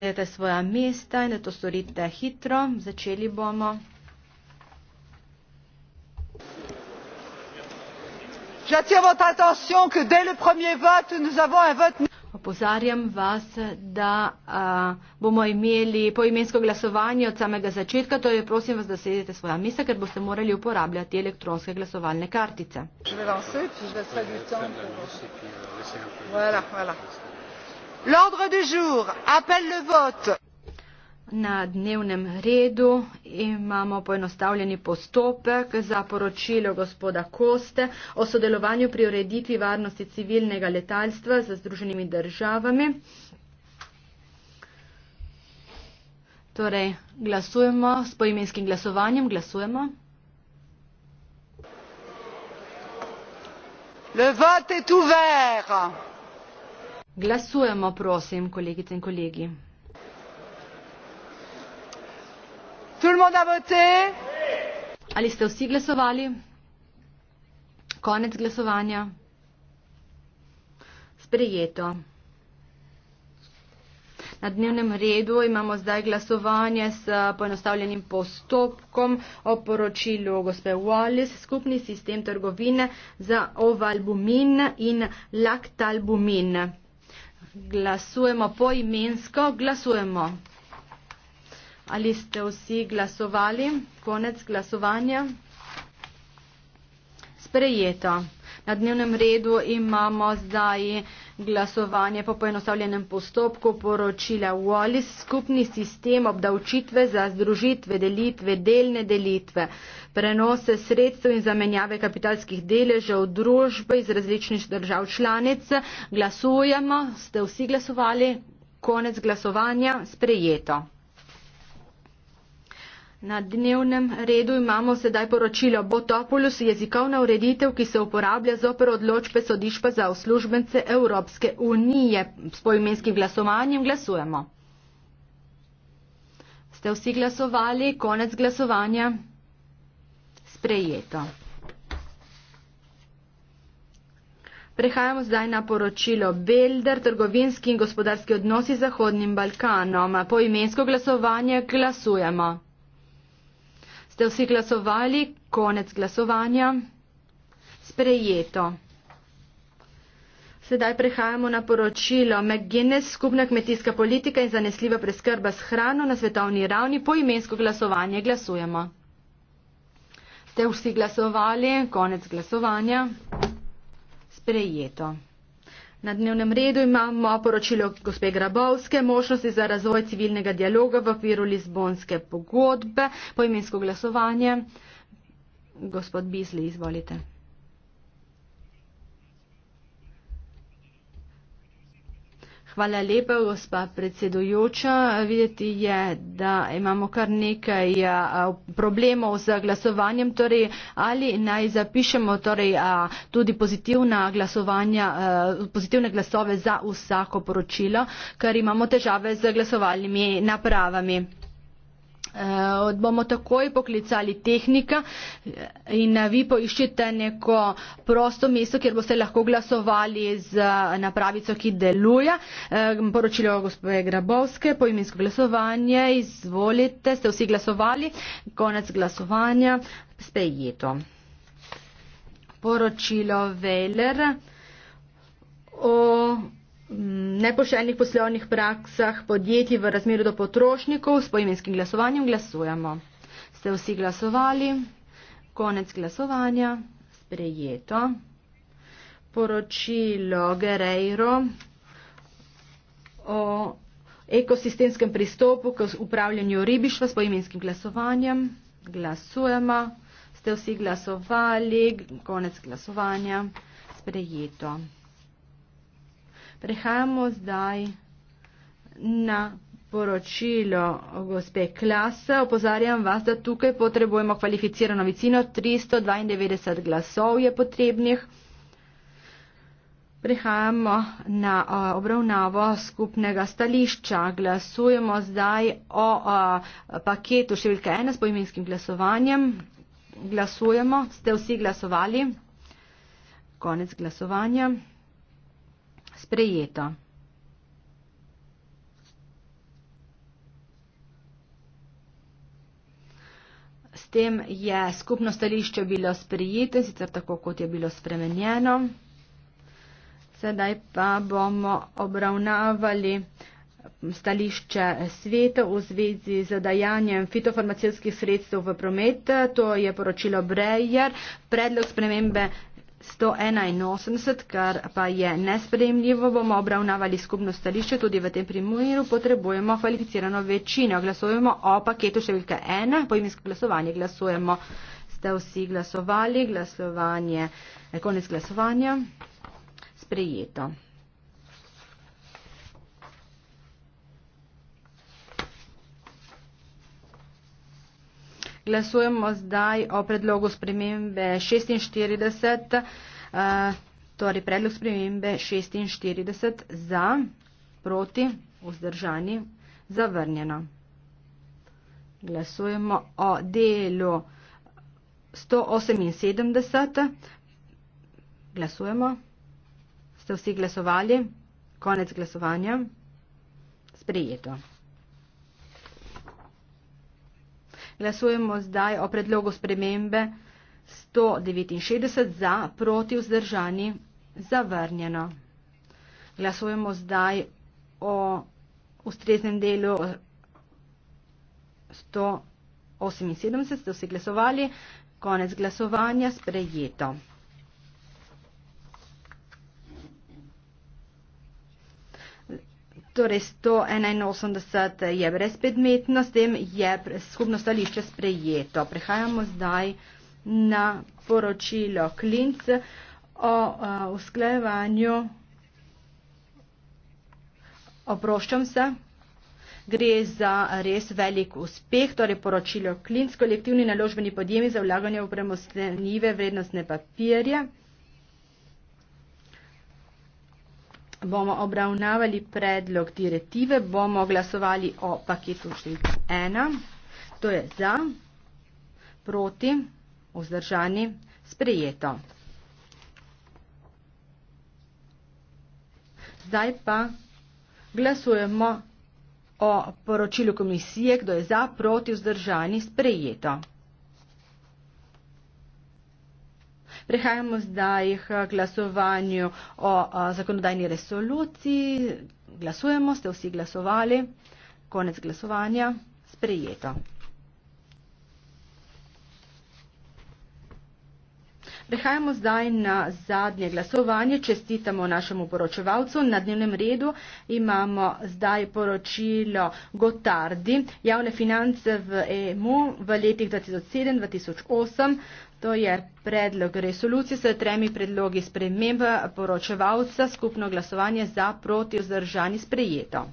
Zdajte svoja mesta in da to storite hitro. Začeli bomo. Opozarjam vas, da a, bomo imeli poimensko glasovanje od samega začetka. To je, prosim vas, da sedete svoja mesta, ker boste morali uporabljati elektronske glasovalne kartice. Hvala, hvala l'ordre du jour appelle le vote. Na dnevnem redu imamo poenostavljeni postopek za poročilo gospoda Koste o sodelovanju pri ureditvi varnosti civilnega letalstva z Združenimi državami. Torej, glasujemo s poimenskim glasovanjem. Glasujemo. Le vote est ouvert. Glasujemo, prosim, kolegice in kolegi. Ali ste vsi glasovali? Konec glasovanja. Sprejeto. Na dnevnem redu imamo zdaj glasovanje s poenostavljenim postopkom o poročilu gospe Wallis, skupni sistem trgovine za ovalbumin in laktalbumin glasujemo poimensko, glasujemo. Ali ste vsi glasovali? Konec glasovanja. Sprejeto. Na dnevnem redu imamo zdaj glasovanje po poenostavljenem postopku poročila Wallis, skupni sistem obdavčitve za združitve, delitve, delne delitve, prenose sredstev in zamenjave kapitalskih deležev družbe iz različnih držav članic. Glasujemo, ste vsi glasovali, konec glasovanja, sprejeto. Na dnevnem redu imamo sedaj poročilo Botopolus, jezikovna ureditev, ki se uporablja zoper odločbe sodišpa za uslužbence Evropske unije. S poimenskim glasovanjem glasujemo. Ste vsi glasovali? Konec glasovanja? Sprejeto. Prehajamo zdaj na poročilo Belder, trgovinski in gospodarski odnosi z Zahodnim Balkanom. Po imensko glasovanje glasujemo. Ste vsi glasovali? Konec glasovanja. Sprejeto. Sedaj prehajamo na poročilo McGuinness, skupna kmetijska politika in zanesljiva preskrba s hrano na svetovni ravni. Po imensko glasovanje glasujemo. Ste vsi glasovali? Konec glasovanja. Sprejeto. Na dnevnem redu imamo poročilo gospe Grabovske, možnosti za razvoj civilnega dialoga v okviru Lizbonske pogodbe, poimensko glasovanje. Gospod Bisli, izvolite. Hvala lepa, gospa predsedujoča. Videti je, da imamo kar nekaj problemov z glasovanjem. Torej, ali naj zapišemo torej, tudi pozitivne glasove za vsako poročilo, ker imamo težave z glasovalnimi napravami. Uh, bomo takoj poklicali tehnika eh, in eh, vi poiščite neko prosto mesto, kjer boste lahko glasovali z napravico, ki deluje. Uh, poročilo gospoje Grabovske, poimensko glasovanje, izvolite, ste vsi glasovali, konec glasovanja, spejito. Poročilo Veler. O nepošteljnih poslovnih praksah podjetij v razmeru do potrošnikov s poimenskim glasovanjem glasujemo. Ste vsi glasovali? Konec glasovanja. Sprejeto. Poročilo Gerejro o ekosistemskem pristopu k upravljanju ribištva s poimenskim glasovanjem. Glasujemo. Ste vsi glasovali? Konec glasovanja. Sprejeto. Prehajamo zdaj na poročilo gospe Klasa. Opozarjam vas, da tukaj potrebujemo kvalificirano vicino. 392 glasov je potrebnih. Prehajamo na obravnavo skupnega stališča. Glasujemo zdaj o paketu številka 1 s poimenskim glasovanjem. Glasujemo. Ste vsi glasovali? Konec glasovanja sprejeto. S tem je skupno stališče bilo sprejete, sicer tako, kot je bilo spremenjeno. Sedaj pa bomo obravnavali stališče sveta v zvezi z dajanjem fitofarmacijskih sredstev v promet. To je poročilo Breyer. Predlog spremembe 181, kar pa je nespremljivo, bomo obravnavali skupno stališče. Tudi v tem primeru potrebujemo kvalificirano večino. Glasujemo o paketu številka 1, poimensko glasovanje. Glasujemo. Ste vsi glasovali? Glasovanje, konec glasovanja. Sprejeto. Glasujemo zdaj o predlogu spremembe 46, eh, torej predlog spremembe 46 za, proti, vzdržani, zavrnjeno. Glasujemo o delu 178. Glasujemo. Ste vsi glasovali? Konec glasovanja. Sprejeto. Glasujemo zdaj o predlogu spremembe 169 za, proti vzdržani, zavrnjeno. Glasujemo zdaj o ustreznem delu 178, ste vsi glasovali, konec glasovanja sprejeto. torej 181 je brezpredmetno, s tem je skupno stališče sprejeto. Prehajamo zdaj na poročilo Klinc o usklajevanju. Oproščam se. Gre za res velik uspeh, torej poročilo Klinc, kolektivni naložbeni podjemi za vlaganje v premostljenive vrednostne papirje. bomo obravnavali predlog direktive, bomo glasovali o paketu številka 1, to je za, proti, vzdržani, sprejeto. Zdaj pa glasujemo o poročilu komisije, kdo je za, proti, vzdržani, sprejeto. Prehajamo zdaj k glasovanju o zakonodajni resoluciji. Glasujemo, ste vsi glasovali. Konec glasovanja. Sprejeto. Prehajamo zdaj na zadnje glasovanje. Čestitamo našemu poročevalcu. Na dnevnem redu imamo zdaj poročilo Gotardi. Javne finance v EMU v letih 2007-2008. To je predlog resolucije s tremi predlogi sprememb poročevalca, skupno glasovanje za, proti, vzdržani, sprejeto.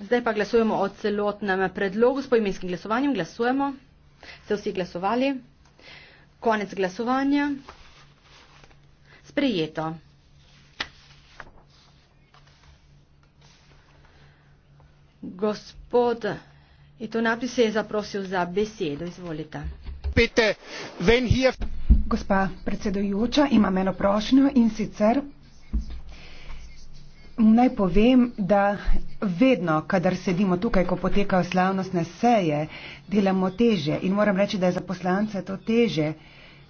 Zdaj pa glasujemo o celotnem predlogu s poimenskim glasovanjem. Glasujemo. Ste vsi glasovali? Konec glasovanja. Sprejeto. Gospod Itonapis je zaprosil za besedo. Izvolite. Gospa predsedujoča, imam eno prošnjo in sicer Naj povem, da vedno, kadar sedimo tukaj, ko potekajo slavnostne seje, delamo teže in moram reči, da je za poslance to teže,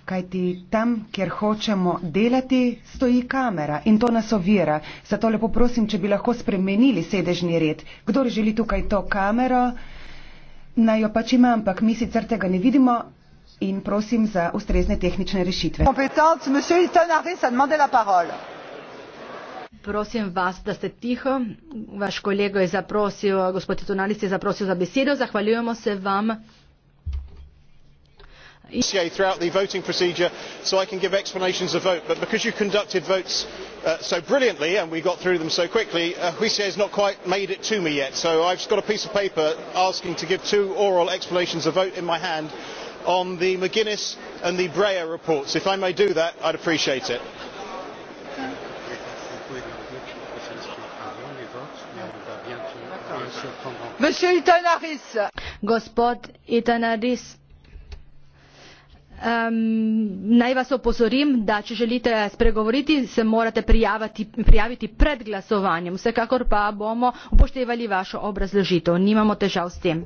kajti tam, kjer hočemo delati, stoji kamera in to nas ovira. Zato lepo prosim, če bi lahko spremenili sedežni red. Kdor želi tukaj to kamero, naj jo pač ima, ampak mi sicer tega ne vidimo in prosim za ustrezne tehnične rešitve. Kompetent, monsieur Itonari, sa demande la parole. Prosim vas, da ste tiho. Vaš kolega je zaprosil, gospod Tonalist je zaprosil za besedo. Zahvaljujemo se vam. Throughout the voting procedure, so I can give explanations of vote. But because you conducted votes uh, so brilliantly and we got through them so quickly, uh, Huisse has not quite made it to me yet. So I've just got a piece of paper asking to give two oral explanations of vote in my hand on the McGuinness and the Breyer reports. If I may do that, I'd appreciate it. gospod itinerant naj vas opozorim da če želite spregovoriti se morate prijaviti pred glasovanjem vsekakor pa bomo upoštevali vašo obrazložitev nimamo težav s tem.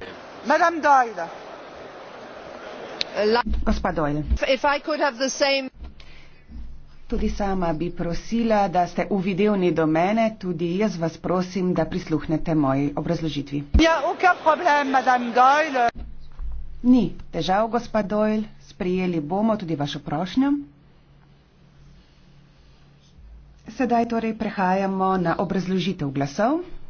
Tudi sama bi prosila, da ste uvideli do mene, tudi jaz vas prosim, da prisluhnete moji obrazložitvi. Ja, problem, Ni težav, gospod Doyle, sprijeli bomo tudi vašo prošnjo. Sedaj torej prehajamo na obrazložitev glasov.